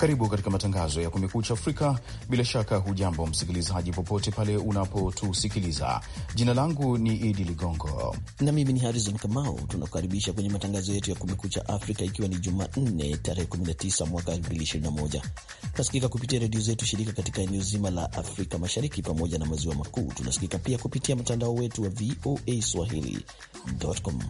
Karibu katika matangazo ya Kumekucha Afrika. Bila shaka, hujambo msikilizaji, popote pale unapotusikiliza. Jina langu ni Idi Ligongo na mimi ni Harizon Kamau. Tunakukaribisha kwenye matangazo yetu ya Kumekucha Afrika, ikiwa ni Jumanne tarehe 19 mwaka 2021. Tunasikika kupitia redio zetu shirika katika eneo zima la Afrika Mashariki pamoja na maziwa makuu. Tunasikika pia kupitia mtandao wetu wa VOA swahili.com.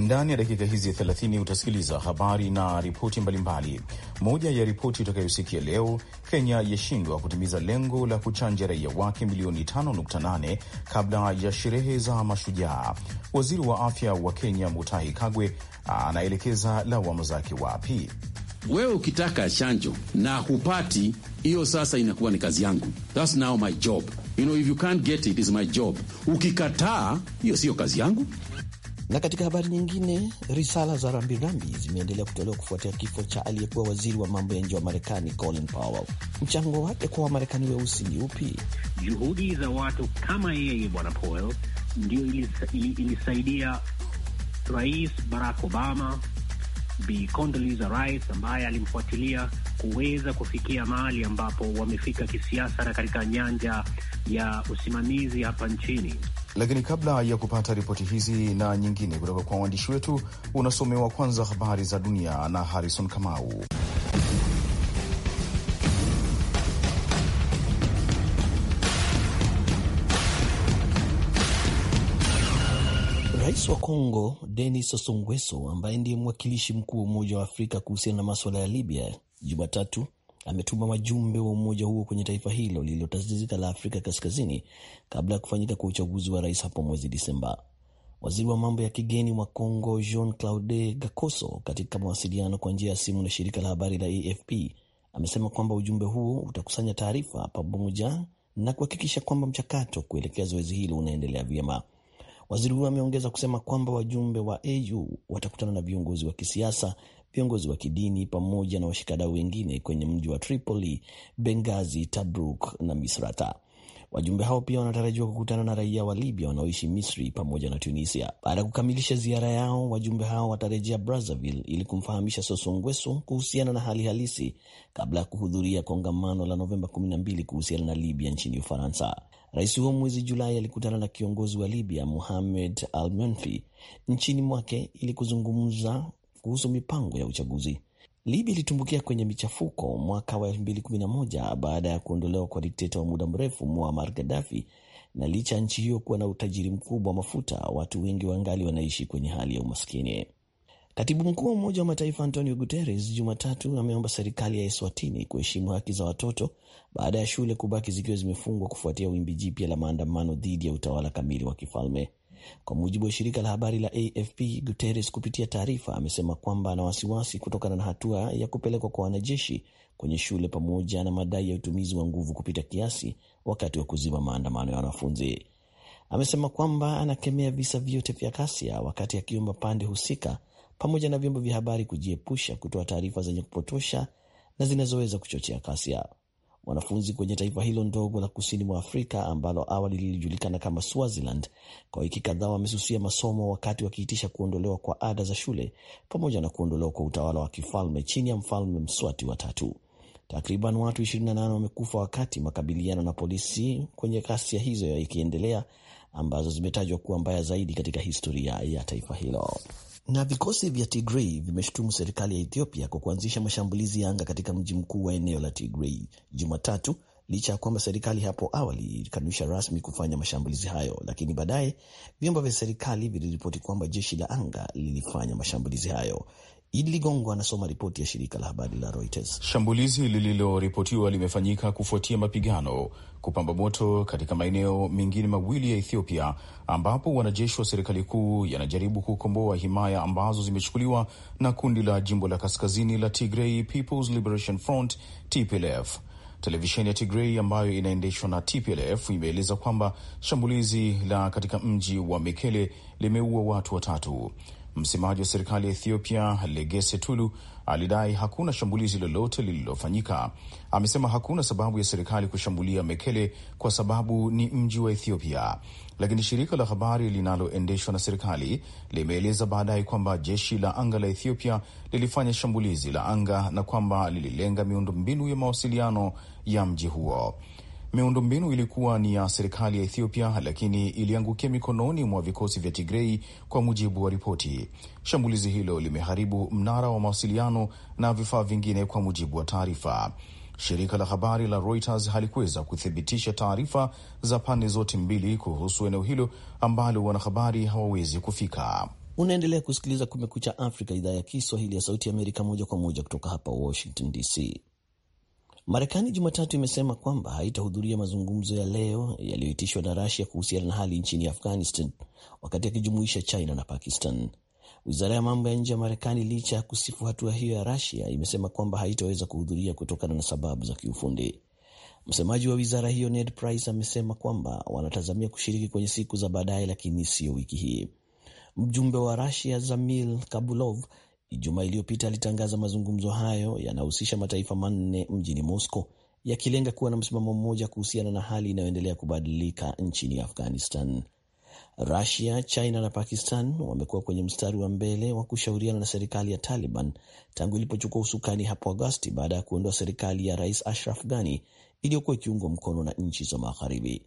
Ndani ya dakika hizi 30 utasikiliza habari na ripoti mbalimbali. Moja ya ripoti utakayosikia leo, Kenya yashindwa kutimiza lengo la kuchanja raia wake milioni 5.8 kabla ya sherehe za Mashujaa. Waziri wa afya wa Kenya Mutahi Kagwe anaelekeza lawama zake wapi? Wewe ukitaka chanjo na hupati hiyo, sasa inakuwa ni kazi yangu, that's now my job, you know if you can't get it is my job. Ukikataa hiyo siyo kazi yangu. Na katika habari nyingine, risala za rambirambi zimeendelea kutolewa kufuatia kifo cha aliyekuwa waziri wa mambo ya nje wa Marekani Colin Powell. Mchango wake kwa Wamarekani weusi ni upi? Juhudi za watu kama yeye Bwana Powell ndio ilisaidia Rais Barack Obama, Bi Condoleezza Rice ambaye alimfuatilia kuweza kufikia mahali ambapo wamefika kisiasa na katika nyanja ya usimamizi hapa nchini. Lakini kabla ya kupata ripoti hizi na nyingine kutoka kwa waandishi wetu, unasomewa kwanza habari za dunia na Harrison Kamau. Rais wa Kongo Denis Sassou Nguesso ambaye ndiye mwakilishi mkuu wa Umoja wa Afrika kuhusiana na maswala ya Libya Jumatatu ametuma wajumbe wa umoja huo kwenye taifa hilo lililotatizika la Afrika Kaskazini kabla ya kufanyika kwa uchaguzi wa rais hapo mwezi Disemba. Waziri wa mambo ya kigeni wa Congo Jean Claude Gakoso, katika mawasiliano kwa njia ya simu na shirika la habari la AFP, amesema kwamba ujumbe huo utakusanya taarifa pamoja na kuhakikisha kwamba mchakato kuelekea zoezi hilo unaendelea vyema. Waziri huyo ameongeza kusema kwamba wajumbe wa AU watakutana na viongozi wa kisiasa, viongozi wa kidini, pamoja na washikadau wengine kwenye mji wa Tripoli, bengazi tabruk na Misrata. Wajumbe hao pia wanatarajiwa kukutana na raia wa Libya wanaoishi Misri pamoja na Tunisia. Baada ya kukamilisha ziara yao, wajumbe hao watarejea Brazzaville ili kumfahamisha Sassou Nguesso kuhusiana na hali halisi kabla ya kuhudhuria kongamano la Novemba 12 kuhusiana na Libya nchini Ufaransa. Rais huo mwezi Julai alikutana na kiongozi wa Libya muhamed al-Menfi nchini mwake ili kuzungumza kuhusu mipango ya uchaguzi. Libya ilitumbukia kwenye michafuko mwaka wa 2011 baada ya kuondolewa kwa dikteta wa muda mrefu Muammar Gaddafi, na licha ya nchi hiyo kuwa na utajiri mkubwa wa mafuta, watu wengi wangali wanaishi kwenye hali ya umaskini. Katibu mkuu wa Umoja wa Mataifa Antonio Guterres Jumatatu ameomba serikali ya Eswatini kuheshimu haki za watoto baada ya shule kubaki zikiwa zimefungwa kufuatia wimbi jipya la maandamano dhidi ya utawala kamili wa kifalme. Kwa mujibu wa shirika la habari la AFP, Guterres kupitia taarifa amesema kwamba ana wasiwasi kutokana na hatua ya kupelekwa kwa wanajeshi kwenye shule pamoja na madai ya utumizi wa nguvu kupita kiasi wakati wa kuzima maandamano ya wanafunzi. Amesema kwamba anakemea visa vyote vya ghasia, wakati akiomba pande husika pamoja na vyombo vya habari kujiepusha kutoa taarifa zenye kupotosha na zinazoweza kuchochea kasi yao. Wanafunzi kwenye taifa hilo ndogo la kusini mwa Afrika ambalo awali lilijulikana kama Swaziland, kwa wiki kadhaa wamesusia masomo wakati wakiitisha kuondolewa kwa ada za shule pamoja na kuondolewa kwa utawala wa kifalme chini ya mfalme Mswati wa tatu. Takriban watu 28 wamekufa wakati makabiliano na polisi kwenye ghasia hizo yakiendelea ambazo zimetajwa kuwa mbaya zaidi katika historia ya taifa hilo. Na vikosi vya tigrei vimeshutumu serikali ya Ethiopia kwa kuanzisha mashambulizi ya anga katika mji mkuu wa eneo la Tigray Jumatatu, licha ya kwamba serikali hapo awali ilikanusha rasmi kufanya mashambulizi hayo, lakini baadaye vyombo vya serikali viliripoti kwamba jeshi la anga lilifanya mashambulizi hayo. Idi Ligongo anasoma ripoti ya shirika la habari la Reuters. Shambulizi lililoripotiwa limefanyika kufuatia mapigano kupamba moto katika maeneo mengine mawili ya Ethiopia ambapo wanajeshi wa serikali kuu yanajaribu kukomboa himaya ambazo zimechukuliwa na kundi la jimbo la kaskazini la Tigray People's Liberation Front TPLF. Televisheni ya Tigrei ambayo inaendeshwa na TPLF imeeleza kwamba shambulizi la katika mji wa Mekele limeua watu watatu. Msemaji wa serikali ya Ethiopia Legese Tulu alidai hakuna shambulizi lolote lililofanyika. Amesema hakuna sababu ya serikali kushambulia Mekele kwa sababu ni mji wa Ethiopia, lakini shirika la habari linaloendeshwa na serikali limeeleza baadaye kwamba jeshi la anga la Ethiopia lilifanya shambulizi la anga na kwamba lililenga miundombinu ya mawasiliano ya mji huo. Miundombinu ilikuwa ni ya serikali ya Ethiopia, lakini iliangukia mikononi mwa vikosi vya Tigrei, kwa mujibu wa ripoti. Shambulizi hilo limeharibu mnara wa mawasiliano na vifaa vingine, kwa mujibu wa taarifa. Shirika la habari la Reuters halikuweza kuthibitisha taarifa za pande zote mbili kuhusu eneo hilo ambalo wanahabari hawawezi kufika. Unaendelea kusikiliza Kumekucha Afrika, idhaa ya Kiswahili ya Sauti ya Amerika, moja kwa moja kutoka hapa Washington DC. Marekani Jumatatu imesema kwamba haitahudhuria mazungumzo ya leo yaliyoitishwa na Rasia kuhusiana na hali nchini Afghanistan, wakati akijumuisha China na Pakistan. Wizara ya mambo ya nje ya Marekani, licha ya kusifu hatua hiyo ya Rasia, imesema kwamba haitaweza kuhudhuria kutokana na sababu za kiufundi. Msemaji wa wizara hiyo Ned Price amesema kwamba wanatazamia kushiriki kwenye siku za baadaye, lakini siyo wiki hii. Mjumbe wa Rasia Zamil Kabulov Ijumaa iliyopita alitangaza mazungumzo hayo yanahusisha mataifa manne mjini Moscow, yakilenga kuwa na msimamo mmoja kuhusiana na hali inayoendelea kubadilika nchini Afghanistan. Rusia, China na Pakistan wamekuwa kwenye mstari wa mbele wa kushauriana na serikali ya Taliban tangu ilipochukua usukani hapo Agosti baada ya kuondoa serikali ya Rais Ashraf Ghani iliyokuwa ikiungwa mkono na nchi za Magharibi.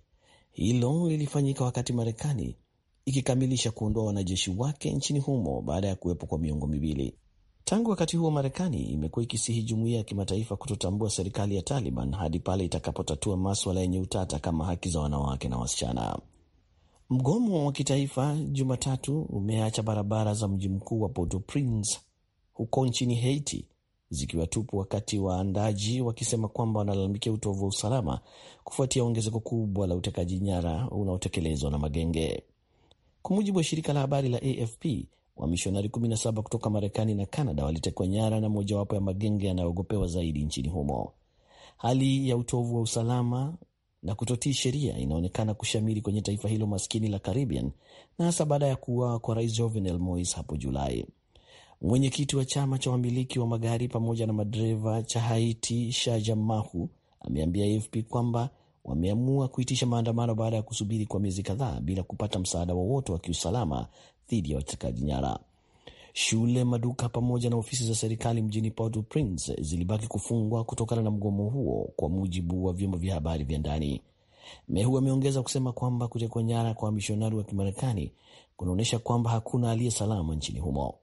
Hilo lilifanyika wakati Marekani ikikamilisha kuondoa wanajeshi wake nchini humo baada ya kuwepo kwa miongo miwili. Tangu wakati huo, Marekani imekuwa ikisihi jumuiya ya kimataifa kutotambua serikali ya Taliban hadi pale itakapotatua maswala yenye utata kama haki za wanawake na wasichana. Mgomo wa kitaifa Jumatatu umeacha barabara za mji mkuu wa Port-au-Prince huko nchini Haiti zikiwa tupu, wakati waandaji wakisema kwamba wanalalamikia utovu wa usalama kufuatia ongezeko kubwa la utekaji nyara unaotekelezwa na magenge. Kwa mujibu wa shirika la habari la AFP, wamishonari 17 kutoka Marekani na canada walitekwa nyara na mojawapo ya magenge yanayoogopewa zaidi nchini humo. Hali ya utovu wa usalama na kutotii sheria inaonekana kushamiri kwenye taifa hilo maskini la Caribbean, na hasa baada ya kuuawa kwa rais Jovenel Mois hapo Julai. Mwenyekiti wa chama cha wamiliki wa magari pamoja na madereva cha Haiti, Shaja Mahu, ameambia AFP kwamba wameamua kuitisha maandamano baada ya kusubiri kwa miezi kadhaa bila kupata msaada wowote wa, wa kiusalama dhidi ya watekaji nyara. Shule, maduka pamoja na ofisi za serikali mjini Port-au-Prince zilibaki kufungwa kutokana na mgomo huo, kwa mujibu wa vyombo vya habari vya ndani. Mehu ameongeza kusema kwamba kutekwa nyara kwa wamishonari wa Kimarekani kunaonyesha kwamba hakuna aliye salama nchini humo.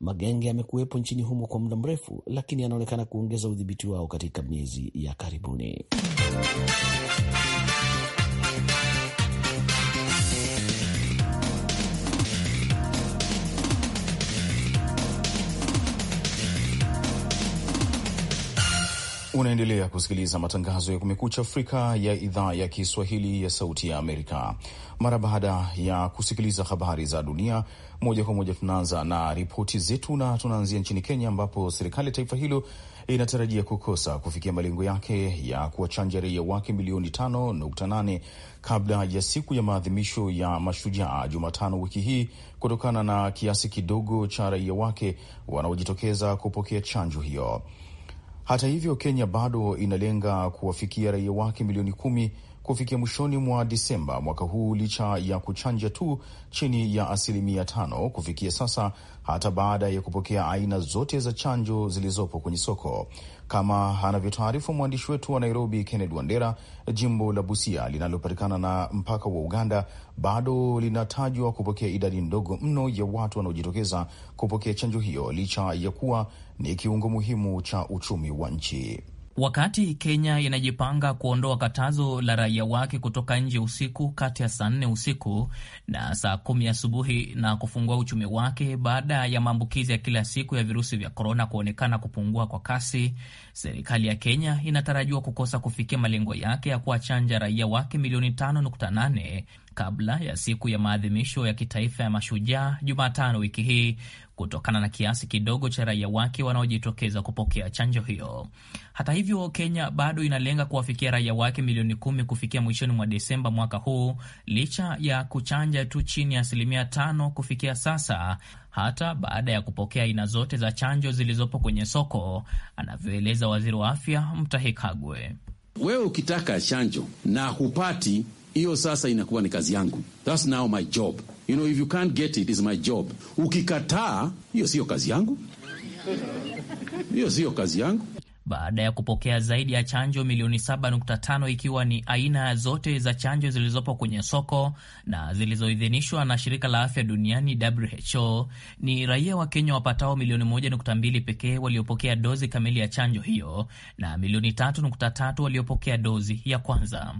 Magenge yamekuwepo nchini humo kwa muda mrefu, lakini yanaonekana kuongeza udhibiti wao katika miezi ya karibuni. Unaendelea kusikiliza matangazo ya Kumekucha Afrika ya idhaa ya Kiswahili ya Sauti ya Amerika. Mara baada ya kusikiliza habari za dunia moja kwa moja, tunaanza na ripoti zetu na tunaanzia nchini Kenya, ambapo serikali ya taifa hilo inatarajia kukosa kufikia malengo yake ya kuwachanja raia wake milioni tano nukta nane kabla ya siku ya maadhimisho ya mashujaa Jumatano wiki hii kutokana na kiasi kidogo cha raia wake wanaojitokeza kupokea chanjo hiyo. Hata hivyo, Kenya bado inalenga kuwafikia raia wake milioni kumi kufikia mwishoni mwa Disemba mwaka huu licha ya kuchanja tu chini ya asilimia tano kufikia sasa, hata baada ya kupokea aina zote za chanjo zilizopo kwenye soko, kama anavyotaarifu mwandishi wetu wa Nairobi Kenneth Wandera. Jimbo la Busia linalopatikana na mpaka wa Uganda bado linatajwa kupokea idadi ndogo mno ya watu wanaojitokeza kupokea chanjo hiyo licha ya kuwa ni kiungo muhimu cha uchumi wa nchi. Wakati Kenya inajipanga kuondoa katazo la raia wake kutoka nje usiku kati ya saa nne usiku na saa kumi asubuhi na kufungua uchumi wake baada ya maambukizi ya kila siku ya virusi vya korona kuonekana kupungua kwa kasi, serikali ya Kenya inatarajiwa kukosa kufikia malengo yake ya kuwachanja raia wake milioni 5.8 kabla ya siku ya maadhimisho ya kitaifa ya mashujaa Jumatano wiki hii, kutokana na kiasi kidogo cha raia wake wanaojitokeza kupokea chanjo hiyo. Hata hivyo, Kenya bado inalenga kuwafikia raia wake milioni kumi kufikia mwishoni mwa Desemba mwaka huu, licha ya kuchanja tu chini ya asilimia tano kufikia sasa, hata baada ya kupokea aina zote za chanjo zilizopo kwenye soko, anavyoeleza waziri wa afya Mutahi Kagwe. Wewe ukitaka chanjo na hupati hiyo sasa inakuwa ni kazi yangu, that's now my job, you know if you can't get it is my job. Ukikataa, hiyo siyo kazi yangu, hiyo siyo kazi yangu baada ya kupokea zaidi ya chanjo milioni 7.5 ikiwa ni aina zote za chanjo zilizopo kwenye soko na zilizoidhinishwa na shirika la afya duniani WHO. Ni raia wa Kenya wapatao milioni 1.2 pekee waliopokea dozi kamili ya chanjo hiyo na milioni 3.3 waliopokea dozi ya kwanza.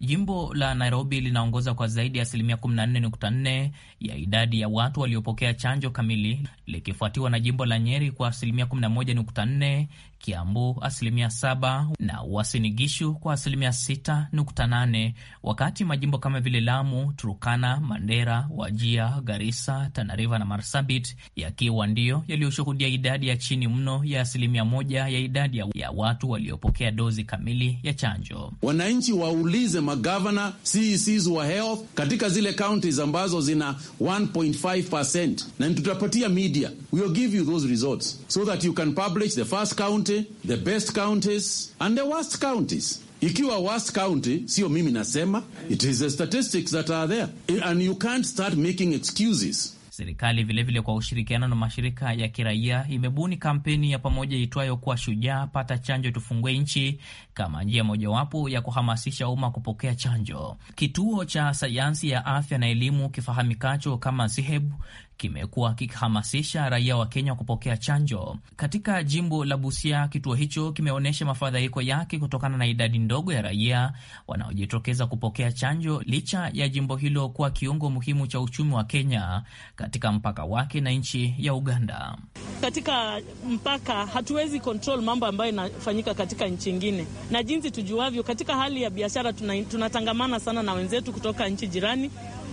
Jimbo la Nairobi linaongoza kwa zaidi ya asilimia 14.4 ya idadi ya watu waliopokea chanjo kamili likifuatiwa na jimbo la Nyeri kwa asilimia 11.4 Kiambu asilimia saba na Uasin Gishu kwa asilimia sita nukta nane wakati majimbo kama vile Lamu, Turukana, Mandera, Wajia, Garisa, Tanariva na Marsabit yakiwa ndiyo yaliyoshuhudia idadi ya chini mno ya asilimia moja ya idadi ya watu waliopokea dozi kamili ya chanjo. Wananchi waulize magavana, CECs wa health katika zile counties ambazo zina 1.5% na tutapatia media. We'll give you those results so that you can publish the first county county, the best counties and the worst counties. Ikiwa worst county, sio mimi nasema, it is the statistics that are there and you can't start making excuses. Serikali vilevile vile kwa ushirikiano na mashirika ya kiraia imebuni kampeni ya pamoja itwayo kuwa shujaa pata chanjo tufungue nchi, kama njia mojawapo ya kuhamasisha umma kupokea chanjo. Kituo cha sayansi ya afya na elimu kifahamikacho kama SIHEB kimekuwa kikihamasisha raia wa Kenya kupokea chanjo. Katika jimbo la Busia, kituo hicho kimeonyesha mafadhaiko yake kutokana na idadi ndogo ya raia wanaojitokeza kupokea chanjo, licha ya jimbo hilo kuwa kiungo muhimu cha uchumi wa Kenya katika mpaka wake na nchi ya Uganda. Katika mpaka hatuwezi control mambo ambayo inafanyika katika nchi ingine na jinsi tujuavyo, katika hali ya biashara tunatangamana sana na wenzetu kutoka nchi jirani.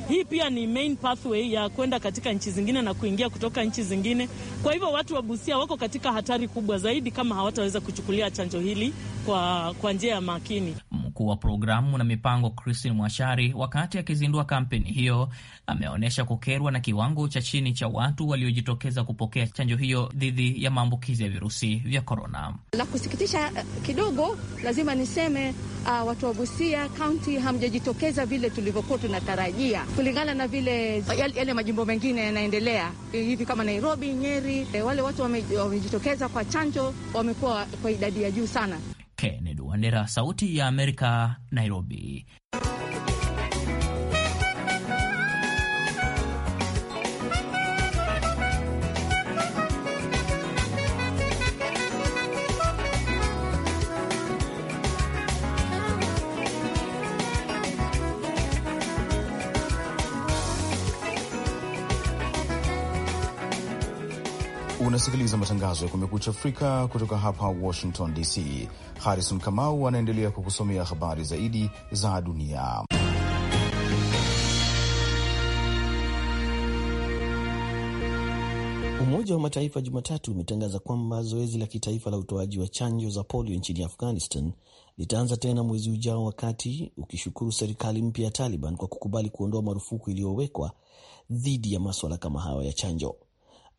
Hii pia ni main pathway ya kwenda katika nchi zingine na kuingia kutoka nchi zingine. Kwa hivyo watu wa Busia wako katika hatari kubwa zaidi kama hawataweza kuchukulia chanjo hili kwa, kwa njia ya makini. Mkuu wa programu na mipango Christine Mwashari, wakati akizindua kampeni hiyo, ameonyesha kukerwa na kiwango cha chini cha watu waliojitokeza kupokea chanjo hiyo dhidi ya maambukizi ya virusi vya korona. La kusikitisha eh, kidogo, lazima niseme uh, watu wa Busia kaunti hamjajitokeza vile tulivyokuwa tunatarajia, kulingana na vile eh, yale majimbo mengine yanaendelea eh, hivi kama Nairobi, Nyeri. Wale watu wamejitokeza kwa chanjo wamekuwa kwa idadi ya juu sana. Kene. Wandera, Sauti ya Amerika, Nairobi. Unasikiliza matangazo ya Kumekucha Afrika kutoka hapa Washington DC. Harrison Kamau anaendelea kukusomea habari zaidi za dunia. Umoja wa Mataifa Jumatatu umetangaza kwamba zoezi la kitaifa la utoaji wa chanjo za polio nchini Afghanistan litaanza tena mwezi ujao, wakati ukishukuru serikali mpya ya Taliban kwa kukubali kuondoa marufuku iliyowekwa dhidi ya maswala kama hayo ya chanjo.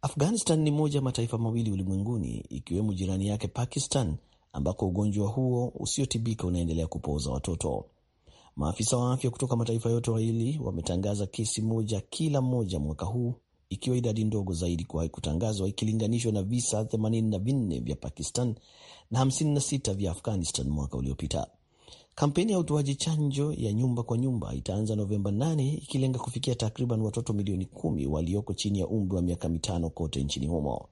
Afghanistan ni moja ya mataifa mawili ulimwenguni ikiwemo jirani yake Pakistan ambako ugonjwa huo usiotibika unaendelea kupooza watoto. Maafisa wa afya kutoka mataifa yote mawili wametangaza kesi moja kila moja mwaka huu, ikiwa idadi ndogo zaidi kuwahi kutangazwa ikilinganishwa na visa 84 vya Pakistan na 56 vya Afghanistan mwaka uliopita. Kampeni ya utoaji chanjo ya nyumba kwa nyumba itaanza Novemba 8 ikilenga kufikia takriban watoto milioni kumi walioko chini ya umri wa miaka mitano kote nchini humo.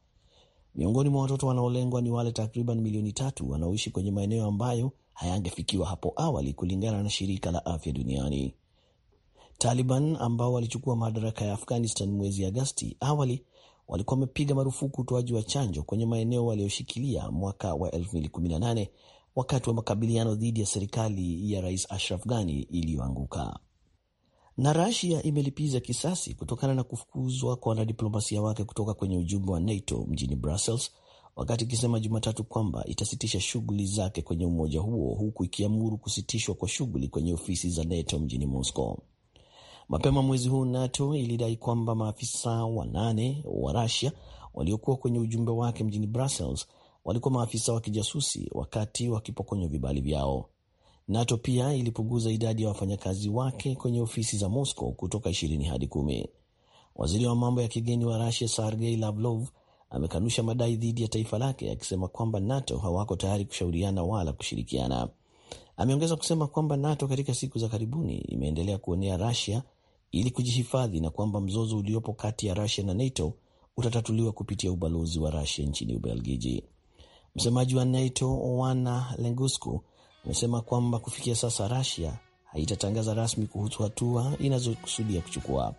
Miongoni mwa watoto wanaolengwa ni wale takriban milioni tatu wanaoishi kwenye maeneo ambayo hayangefikiwa hapo awali, kulingana na shirika la afya duniani. Taliban ambao walichukua madaraka ya Afghanistan mwezi Agasti, awali walikuwa wamepiga marufuku utoaji wa chanjo kwenye maeneo walioshikilia mwaka wa 2018 wakati wa makabiliano dhidi ya serikali ya Rais Ashraf Ghani iliyoanguka. Na rasia imelipiza kisasi kutokana na kufukuzwa kwa wanadiplomasia wake kutoka kwenye ujumbe wa NATO mjini Brussels, wakati ikisema Jumatatu kwamba itasitisha shughuli zake kwenye umoja huo huku ikiamuru kusitishwa kwa shughuli kwenye ofisi za NATO mjini Moscow. Mapema mwezi huu NATO ilidai kwamba maafisa wanane wa rasia waliokuwa kwenye ujumbe wake mjini Brussels walikuwa maafisa wa kijasusi wakati wakipokonywa vibali vyao. NATO pia ilipunguza idadi ya wafanyakazi wake kwenye ofisi za Moscow kutoka ishirini hadi kumi. Waziri wa mambo ya kigeni wa Rusia Sergei Lavrov amekanusha madai dhidi ya taifa lake akisema kwamba NATO hawako tayari kushauriana wala kushirikiana. Ameongeza kusema kwamba NATO katika siku za karibuni imeendelea kuonea Rusia ili kujihifadhi na kwamba mzozo uliopo kati ya Rusia na NATO utatatuliwa kupitia ubalozi wa Rusia nchini Ubelgiji. Msemaji wa NATO wana Lengusku amesema kwamba kufikia sasa rasia haitatangaza rasmi kuhusu hatua inazokusudia kuchukua.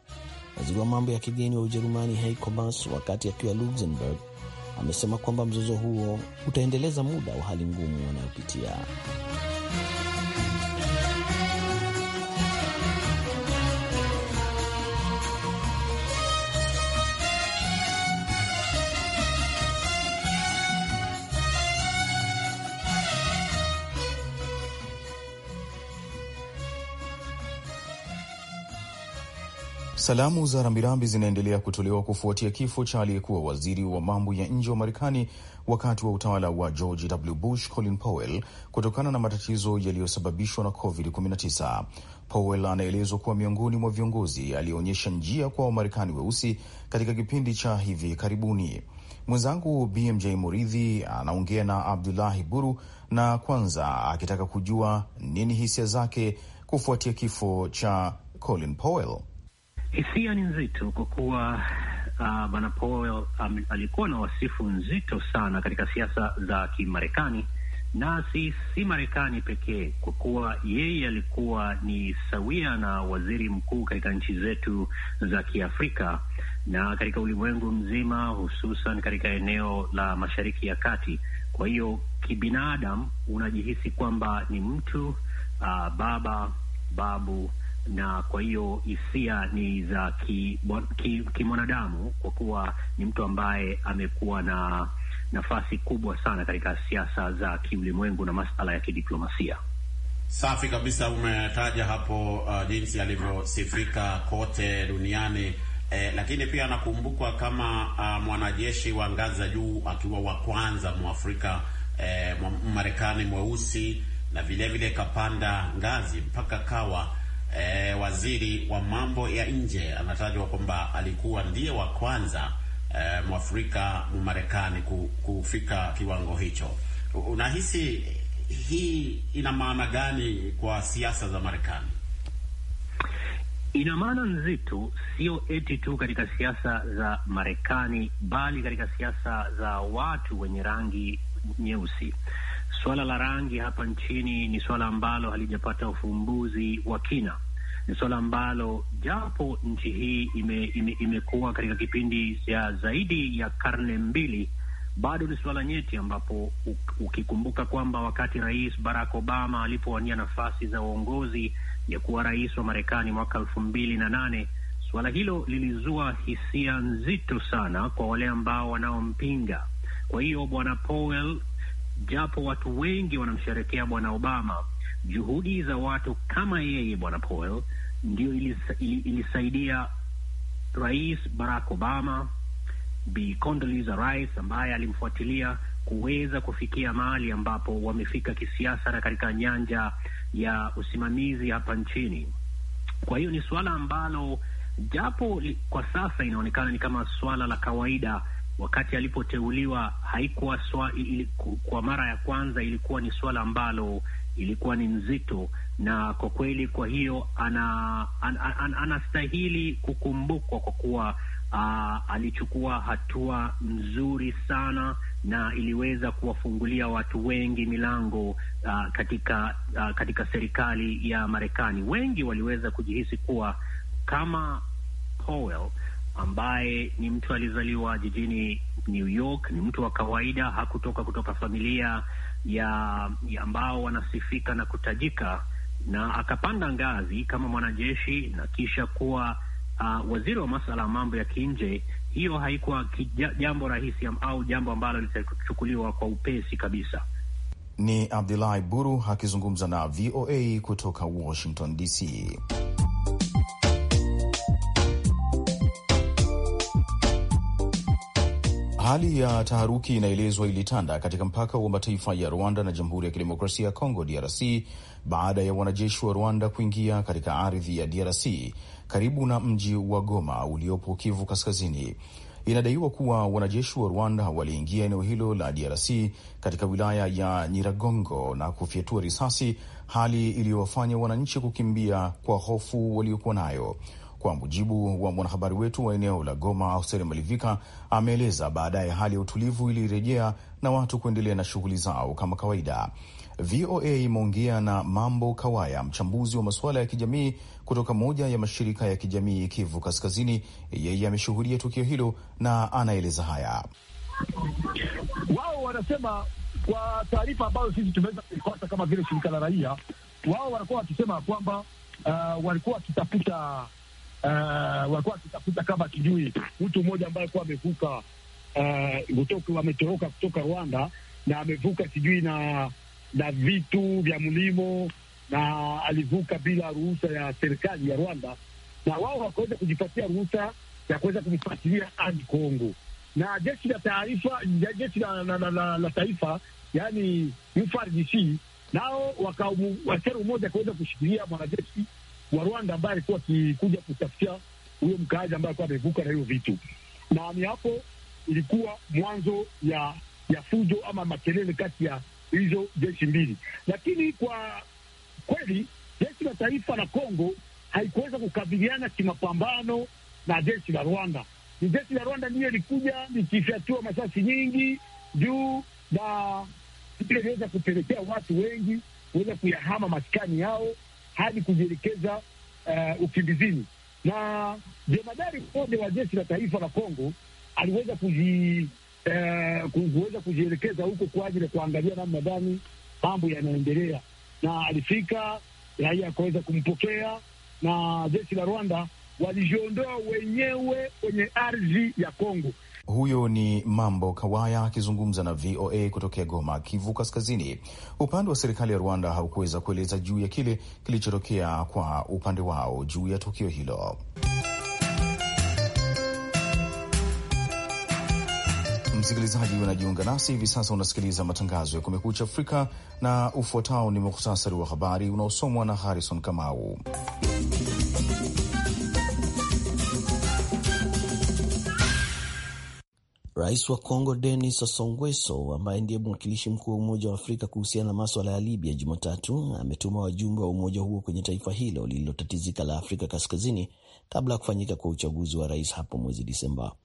Waziri wa mambo ya kigeni wa Ujerumani Heiko Maas, wakati akiwa Luxembourg, amesema kwamba mzozo huo utaendeleza muda wa hali ngumu wanayopitia. Salamu za rambirambi zinaendelea kutolewa kufuatia kifo cha aliyekuwa waziri wa mambo ya nje wa Marekani wakati wa utawala wa George W. Bush, Colin Powell, kutokana na matatizo yaliyosababishwa na COVID-19. Powell anaelezwa kuwa miongoni mwa viongozi aliyeonyesha njia kwa Wamarekani weusi katika kipindi cha hivi karibuni. Mwenzangu BMJ Muridhi anaongea na Abdulahi Buru na kwanza akitaka kujua nini hisia zake kufuatia kifo cha Colin Powell. Hisia ni nzito kwa kuwa uh, Bwana Powell um, alikuwa na wasifu nzito sana katika siasa za Kimarekani na si, si Marekani pekee, kwa kuwa yeye alikuwa ni sawia na waziri mkuu katika nchi zetu za Kiafrika na katika ulimwengu mzima, hususan katika eneo la Mashariki ya Kati. Kwa hiyo kibinadamu unajihisi kwamba ni mtu uh, baba babu na kwa hiyo hisia ni za kimwanadamu ki, ki kwa kuwa ni mtu ambaye amekuwa na nafasi kubwa sana katika siasa za kiulimwengu na masuala ya kidiplomasia. Safi kabisa, umetaja hapo uh, jinsi alivyosifika kote duniani eh, lakini pia anakumbukwa kama uh, mwanajeshi wa ngazi za juu akiwa wa kwanza mwafrika eh, Marekani mweusi na vilevile vile kapanda ngazi mpaka kawa eh, waziri wa mambo ya nje anatajwa kwamba alikuwa ndiye wa kwanza eh, mwafrika Mmarekani kufika kiwango hicho. Unahisi hii ina maana gani kwa siasa za Marekani? Ina maana nzito, sio eti tu katika siasa za Marekani, bali katika siasa za watu wenye rangi nyeusi. Suala la rangi hapa nchini ni suala ambalo halijapata ufumbuzi wa kina ni suala ambalo japo nchi hii imekuwa ime, ime katika kipindi cha zaidi ya karne mbili bado ni suala nyeti, ambapo ukikumbuka kwamba wakati Rais Barack Obama alipowania nafasi za uongozi ya kuwa rais wa Marekani mwaka elfu mbili na nane suala hilo lilizua hisia nzito sana kwa wale ambao wanaompinga. Kwa hiyo Bwana Powell, japo watu wengi wanamsherekea Bwana Obama juhudi za watu kama yeye Bwana Powell ndio ilisaidia Rais Barack Obama, Bi Condoleezza Rice ambaye alimfuatilia kuweza kufikia mahali ambapo wamefika kisiasa na katika nyanja ya usimamizi hapa nchini. Kwa hiyo ni suala ambalo japo kwa sasa inaonekana ni kama suala la kawaida, wakati alipoteuliwa haikuwa swa, ili, kwa mara ya kwanza ilikuwa ni suala ambalo ilikuwa ni nzito, na kwa kweli, kwa hiyo ana, an, an, an, anastahili kukumbukwa kwa kuwa Uh, alichukua hatua nzuri sana na iliweza kuwafungulia watu wengi milango uh, katika uh, katika serikali ya Marekani. Wengi waliweza kujihisi kuwa kama Powell ambaye ni mtu alizaliwa jijini New York, ni mtu wa kawaida, hakutoka kutoka familia ya, ya ambao wanasifika na kutajika, na akapanda ngazi kama mwanajeshi na kisha kuwa uh, waziri wa masuala ya mambo ya kinje. Hiyo haikuwa jambo rahisi au jambo ambalo litachukuliwa kwa upesi kabisa. Ni Abdulahi Buru akizungumza na VOA kutoka Washington DC. Hali ya taharuki inaelezwa ilitanda katika mpaka wa mataifa ya Rwanda na Jamhuri ya Kidemokrasia ya Kongo, DRC, baada ya wanajeshi wa Rwanda kuingia katika ardhi ya DRC karibu na mji wa Goma uliopo Kivu Kaskazini. Inadaiwa kuwa wanajeshi wa Rwanda waliingia eneo hilo la DRC katika wilaya ya Nyiragongo na kufyatua risasi, hali iliyowafanya wananchi kukimbia kwa hofu waliokuwa nayo. Kwa mujibu wa mwanahabari wetu wa eneo la Goma, Austeri Malivika ameeleza, baadaye hali ya utulivu ilirejea na watu kuendelea na shughuli zao kama kawaida. VOA imeongea na Mambo Kawaya, mchambuzi wa masuala ya kijamii kutoka moja ya mashirika ya kijamii Kivu Kaskazini. Yeye ameshuhudia tukio hilo na anaeleza haya. Wao wanasema kwa taarifa ambayo sisi tumeweza kuipata kama vile shirika la raia, wao wanakuwa wakisema kwamba uh, walikuwa wakitafuta Eh, walikuwa wakitafuta kama kijui mtu mmoja ambaye kuwa amevuka uh, ametoroka kutoka Rwanda na amevuka sijui na na vitu vya mlimo na alivuka bila ruhusa ya serikali ya Rwanda, na wao wakaweza kujipatia ruhusa ya kuweza kumfuatilia hadi Kongo, na jeshi la taifa jeshi la, la, la, la, la taifa yani FARDC nao waka askari mmoja akaweza kushikilia mwanajeshi wa Rwanda ambaye alikuwa akikuja kutafutia huyo mkaaji ambaye alikuwa amevuka na hiyo vitu, na ni hapo ilikuwa mwanzo ya ya fujo ama makelele kati ya hizo jeshi mbili. Lakini kwa kweli jeshi la taifa la Kongo haikuweza kukabiliana kimapambano na jeshi la Rwanda. Ni jeshi la Rwanda ndiyo ilikuja likifyatua masasi nyingi juu na iliweza kupelekea watu wengi kuweza kuyahama maskani yao hadi kujielekeza eh, ukimbizini. na jemadari mmoja wa jeshi la taifa la Kongo aliweza kuji, uh, kuweza kujielekeza huko kwa ajili ya kuangalia namna gani mambo yanaendelea, na alifika raia akaweza kumpokea, na jeshi la Rwanda walijiondoa wenyewe kwenye ardhi ya Kongo. Huyo ni Mambo Kawaya akizungumza na VOA kutokea Goma, Kivu Kaskazini. Upande wa serikali ya Rwanda haukuweza kueleza juu ya kile kilichotokea kwa upande wao juu ya tukio hilo. Msikilizaji unajiunga nasi hivi sasa, unasikiliza matangazo ya Kumekucha Afrika na ufuatao ni muhtasari wa habari unaosomwa na Harrison Kamau. Rais wa congo Denis Sassou Nguesso, ambaye ndiye mwakilishi mkuu wa Umoja wa Afrika kuhusiana na maswala ya Libya, Jumatatu ametuma wajumbe wa umoja huo kwenye taifa hilo lililotatizika la Afrika Kaskazini kabla ya kufanyika kwa uchaguzi wa rais hapo mwezi Disemba.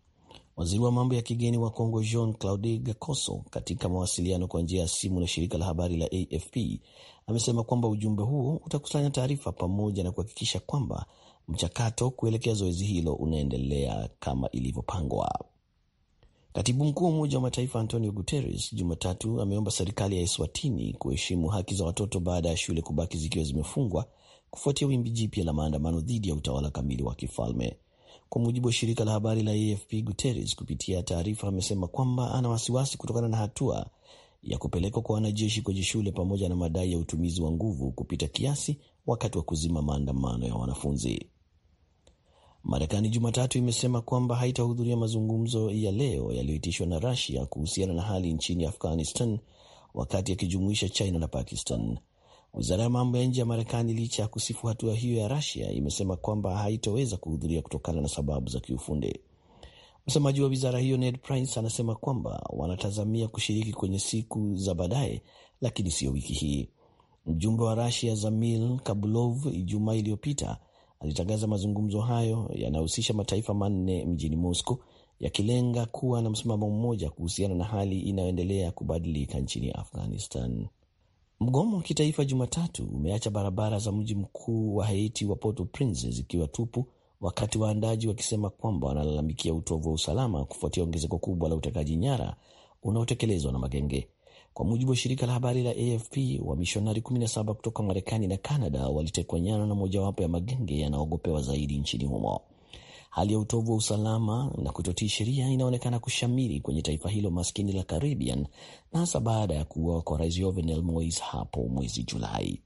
Waziri wa mambo ya kigeni wa congo Jean Claude Gakoso, katika mawasiliano kwa njia ya simu na shirika la habari la AFP, amesema kwamba ujumbe huo utakusanya taarifa pamoja na kuhakikisha kwamba mchakato kuelekea zoezi hilo unaendelea kama ilivyopangwa. Katibu mkuu wa Umoja wa Mataifa Antonio Guterres Jumatatu ameomba serikali ya Eswatini kuheshimu haki za watoto baada ya shule kubaki zikiwa zimefungwa kufuatia wimbi jipya la maandamano dhidi ya utawala kamili wa kifalme. Kwa mujibu wa shirika la habari la AFP, Guterres kupitia taarifa amesema kwamba ana wasiwasi kutokana na hatua ya kupelekwa kwa wanajeshi kwenye shule pamoja na madai ya utumizi wa nguvu kupita kiasi wakati wa kuzima maandamano ya wanafunzi. Marekani Jumatatu imesema kwamba haitahudhuria mazungumzo ya leo yaliyoitishwa na Rusia kuhusiana na hali nchini Afghanistan, wakati yakijumuisha China na Pakistan. Wizara ya mambo ya nje ya Marekani, licha ya kusifu hatua hiyo ya Rusia, imesema kwamba haitoweza kuhudhuria kutokana na sababu za kiufundi. Msemaji wa wizara hiyo Ned Price anasema kwamba wanatazamia kushiriki kwenye siku za baadaye, lakini siyo wiki hii. Mjumbe wa Rusia Zamil Kabulov Ijumaa iliyopita alitangaza mazungumzo hayo yanahusisha mataifa manne mjini Moscow yakilenga kuwa na msimamo mmoja kuhusiana na hali inayoendelea kubadilika nchini Afghanistan. Mgomo wa kitaifa Jumatatu umeacha barabara za mji mkuu wa Haiti wa Port-au-Prince zikiwa tupu, wakati waandaji wakisema kwamba wanalalamikia utovu wa usalama kufuatia ongezeko kubwa la utekaji nyara unaotekelezwa na magenge. Kwa mujibu wa shirika la habari la AFP, wamishonari 17 kutoka Marekani na Canada walitekwa nyara na mojawapo ya magenge yanaogopewa zaidi nchini humo. Hali ya utovu wa usalama na kutotii sheria inaonekana kushamiri kwenye taifa hilo maskini la Caribbean, na hasa baada ya kuuawa kwa rais Jovenel Moise hapo mwezi Julai.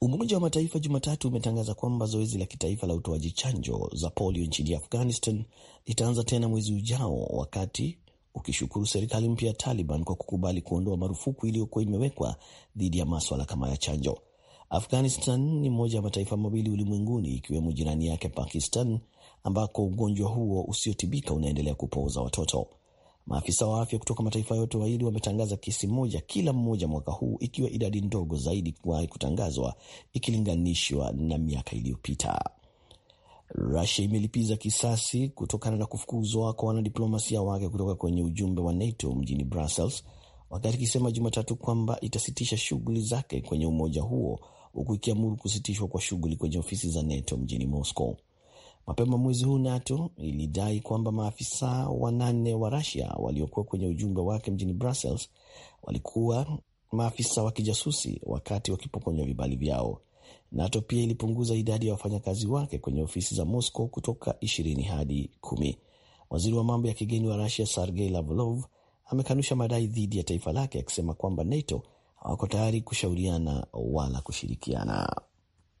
Umoja wa Mataifa Jumatatu umetangaza kwamba zoezi la kitaifa la utoaji chanjo za polio nchini Afghanistan litaanza tena mwezi ujao, wakati ukishukuru serikali mpya ya Taliban kwa kukubali kuondoa marufuku iliyokuwa imewekwa dhidi ya maswala kama ya chanjo. Afghanistan ni moja ya mataifa mawili ulimwenguni ikiwemo jirani yake Pakistan ambako ugonjwa huo usiotibika unaendelea kupooza watoto. Maafisa wa afya kutoka mataifa yote wawili wametangaza kesi moja kila mmoja mwaka huu, ikiwa idadi ndogo zaidi kuwahi kutangazwa ikilinganishwa na miaka iliyopita. Rusia imelipiza kisasi kutokana na kufukuzwa kwa wanadiplomasia wake kutoka kwenye ujumbe wa NATO mjini Brussels, wakati ikisema Jumatatu kwamba itasitisha shughuli zake kwenye umoja huo, huku ikiamuru kusitishwa kwa shughuli kwenye ofisi za NATO mjini Moscow. Mapema mwezi huu NATO ilidai kwamba maafisa wanane wa Rusia waliokuwa kwenye ujumbe wake mjini Brussels walikuwa maafisa wa kijasusi wakati wakipokonywa vibali vyao. NATO pia ilipunguza idadi ya wafanyakazi wake kwenye ofisi za Moscow kutoka ishirini hadi kumi. Waziri wa mambo ya kigeni wa Rusia Sergei Lavrov amekanusha madai dhidi ya taifa lake akisema kwamba NATO hawako tayari kushauriana wala kushirikiana.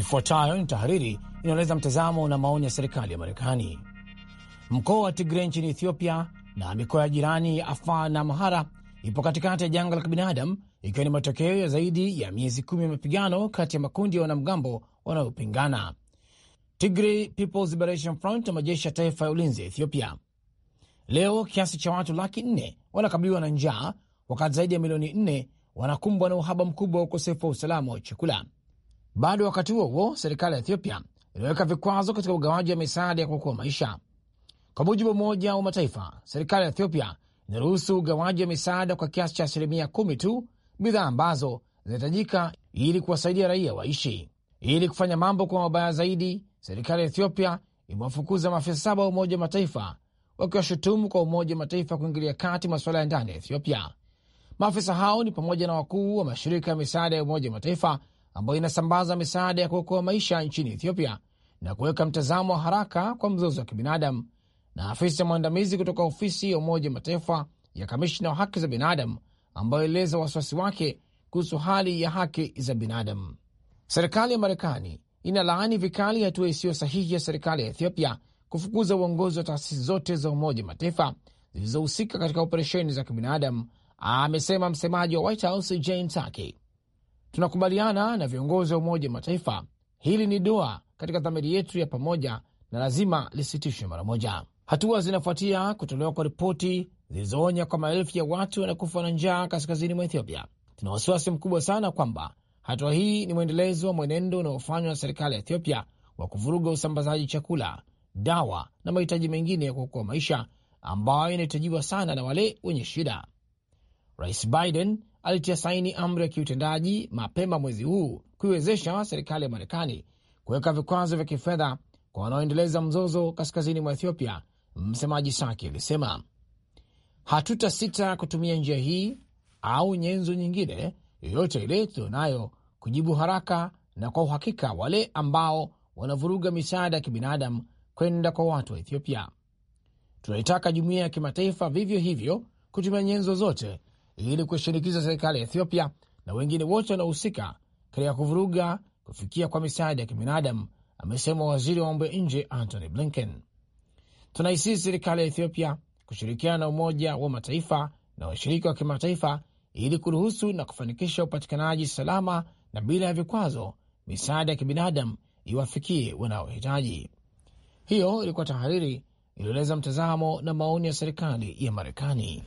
Ifuatayo ni tahariri inaoleza mtazamo na maoni ya serikali ya Marekani. Mkoa wa Tigre nchini Ethiopia na mikoa ya jirani ya Afar na Amhara ipo katikati ya janga la kibinadamu, ikiwa ni matokeo ya zaidi ya miezi kumi ya mapigano kati ya makundi ya wanamgambo wanayopingana. Tigray People's Liberation Front na majeshi ya taifa ya ulinzi ya Ethiopia. Leo kiasi cha watu laki nne wanakabiliwa na njaa, wakati zaidi ya milioni nne wanakumbwa na uhaba mkubwa wa ukosefu wa usalama wa chakula. Bado wakati huo huo, serikali ya Ethiopia iliweka vikwazo katika ugawaji wa misaada ya kuokoa maisha. Kwa mujibu wa Umoja wa Mataifa, serikali ya Ethiopia inaruhusu ugawaji wa misaada kwa kiasi cha asilimia kumi tu bidhaa ambazo zinahitajika ili kuwasaidia raia waishi. Ili kufanya mambo kwa mabaya zaidi, serikali ya Ethiopia imewafukuza maafisa saba wa Umoja wa Mataifa wakiwashutumu kwa Umoja wa Mataifa kuingilia kati masuala ya ndani ya Ethiopia. Maafisa hao ni pamoja na wakuu wa mashirika ya misaada ya Umoja wa Mataifa ambayo inasambaza misaada ya kuokoa maisha nchini Ethiopia na kuweka mtazamo wa haraka kwa mzozo wa kibinadamu. Na afisa mwandamizi kutoka ofisi ya Umoja wa Mataifa ya kamishina wa haki za binadamu ambayo ilieleza wasiwasi wake kuhusu hali ya haki za binadamu. Serikali ya Marekani inalaani vikali hatua isiyo sahihi ya serikali ya Ethiopia kufukuza uongozi wa taasisi zote za Umoja Mataifa zilizohusika katika operesheni za kibinadamu, amesema msemaji wa White House Jane Saki. Tunakubaliana na viongozi wa Umoja wa Mataifa, hili ni doa katika dhamiri yetu ya pamoja na lazima lisitishwe mara moja. Hatua zinafuatia kutolewa kwa ripoti zilizoonya kwa maelfu ya watu wanakufa na njaa kaskazini mwa Ethiopia. Tuna wasiwasi mkubwa sana kwamba hatua hii ni mwendelezo wa mwenendo unaofanywa na serikali ya Ethiopia wa kuvuruga usambazaji chakula, dawa na mahitaji mengine ya kuokoa maisha ambayo inahitajiwa sana na wale wenye shida. Rais Biden alitia saini amri ya kiutendaji mapema mwezi huu kuiwezesha serikali ya Marekani kuweka vikwazo vya kifedha kwa wanaoendeleza mzozo kaskazini mwa Ethiopia. Msemaji Saki alisema, hatuta sita kutumia njia hii au nyenzo nyingine yoyote ile tulionayo kujibu haraka na kwa uhakika wale ambao wanavuruga misaada ya kibinadamu kwenda kwa watu wa Ethiopia. Tunaitaka jumuiya ya kimataifa vivyo hivyo kutumia nyenzo zote ili kushinikiza serikali ya Ethiopia na wengine wote wanaohusika katika kuvuruga kufikia kwa misaada ya kibinadamu, amesema waziri wa mambo ya nje Antony Blinken. Tunaisihi serikali ya Ethiopia kushirikiana na Umoja wa Mataifa na washirika wa kimataifa ili kuruhusu na kufanikisha upatikanaji salama na bila ya vikwazo misaada ya kibinadamu iwafikie wanaohitaji. Hiyo ilikuwa tahariri iliyoeleza mtazamo na maoni ya serikali ya Marekani.